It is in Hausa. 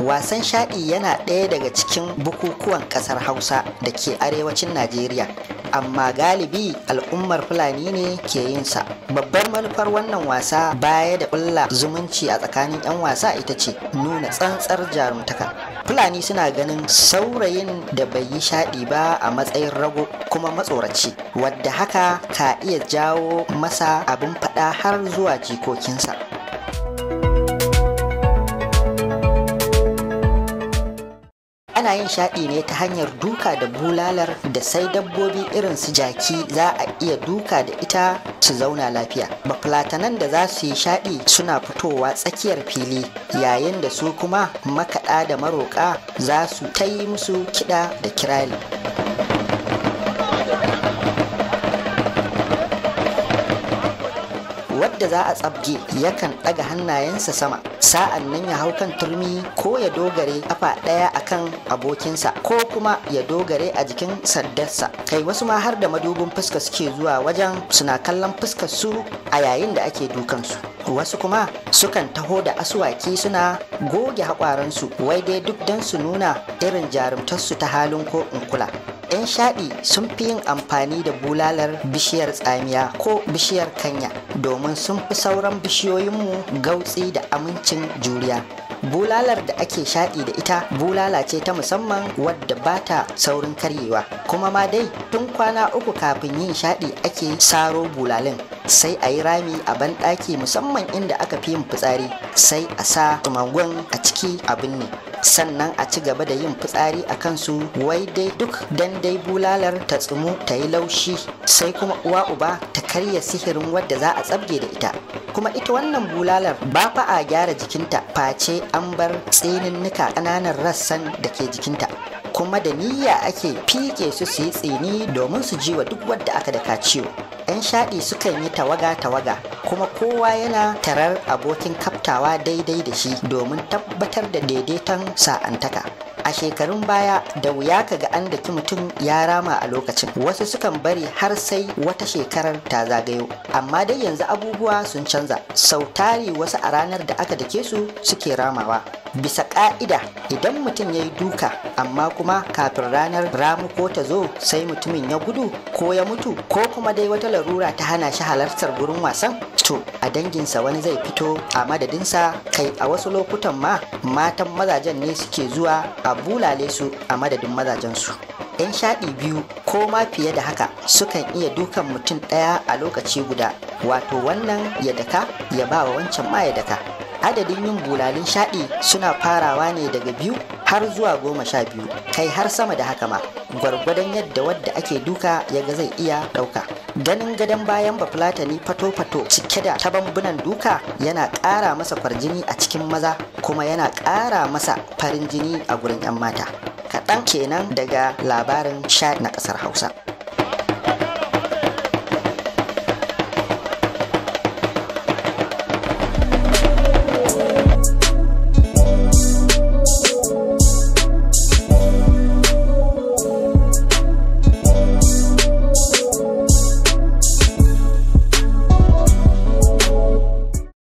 wasan shaɗi yana ɗaya daga cikin bukukuwan ƙasar hausa da ke arewacin najeriya amma galibi al'ummar fulani ne ke yin sa babbar manufar wannan wasa baya da ƙulla zumunci a tsakanin 'yan wasa ita ce nuna tsantsar jarumtaka fulani suna ganin saurayin da bai yi shaɗi ba a matsayin rago kuma matsoraci wadda haka ka iya jawo masa abin faɗa har zuwa jikokinsa ana yin shaɗi ne ta hanyar duka da bulalar da sai dabbobi irin su jaki za a iya duka da ita su zauna lafiya bafulatanan da za su yi shaɗi suna fitowa tsakiyar fili yayin da su kuma makaɗa da maroƙa za su ta yi musu kiɗa da kirali. wadda za a tsabge yakan ɗaga hannayensa sama sa'an nan ya hau kan turmi ko ya dogare kafa ɗaya akan abokinsa ko kuma ya dogare a jikin sandarsa kai wasu ma har da madubin fuska suke zuwa wajen suna kallon fuskar su a yayin da ake dukansu wasu kuma sukan taho da asuwaki suna goge haƙwaransu wai dai duk don su nuna irin jarumtarsu ta halin ko in kula 'yan shaɗi sun fi yin amfani da bulalar bishiyar tsamiya ko bishiyar kanya domin sun fi sauran bishiyoyinmu gautsi da amincin juriya bulalar da ake shaɗi da ita bulala ce ta musamman wadda ba ta saurin karyewa kuma ma dai tun kwana uku kafin yin shaɗi ake saro bulalin sai a yi rami a banɗaki musamman inda aka fi yin fitsari sai a sa tumangon a ciki a binne sannan a ci gaba da yin fitsari a kansu wai dai duk dan dai bulalar ta tsumu ta yi laushi sai kuma uwa uba ta karya sihirin wadda za a tsabge da ita kuma ita wannan bulalar ba fa a gyara jikinta face an bar tsininnika ƙananan rassan da ke jikinta kuma da niyya ake fike su su yi tsini domin su ji wa duk wadda aka daka ciwo 'yan shaɗi sukan yi tawaga-tawaga kuma kowa yana tarar abokin kaftawa daidai da shi domin tabbatar da daidaiton sa'antaka a shekarun baya da wuya ka ga an daki mutum ya rama a lokacin wasu sukan bari har sai wata shekarar ta zagayo amma dai yanzu abubuwa sun canza sau tari wasu a ranar da aka dake su suke ramawa bisa ka'ida idan mutum ya yi duka amma kuma kafin ranar ramuko ta zo sai mutumin ya gudu ko ya mutu ko kuma dai wata larura ta hana shi halartar gurin wasan to a danginsa wani zai fito a madadinsa kai a wasu lokutan ma matan mazajen ne suke zuwa a bulale su a madadin mazajen su. 'yan shaɗi biyu ko ma fiye da haka sukan iya dukan mutum ɗaya a lokaci guda wato wannan ya daka ya ba wa wancan ma ya daka adadin yin bulalin shaɗi suna farawa ne daga biyu har zuwa goma sha biyu kai har sama da haka ma gwargwadon yadda wadda ake duka ya ga zai iya ɗauka ganin gadon bayan bafulatani fato-fato cike da tabambunan duka yana ƙara masa kwarjini a cikin maza kuma yana ƙara masa farin jini a gurin 'yan mata kaɗan kenan daga labarin sha na ƙasar hausa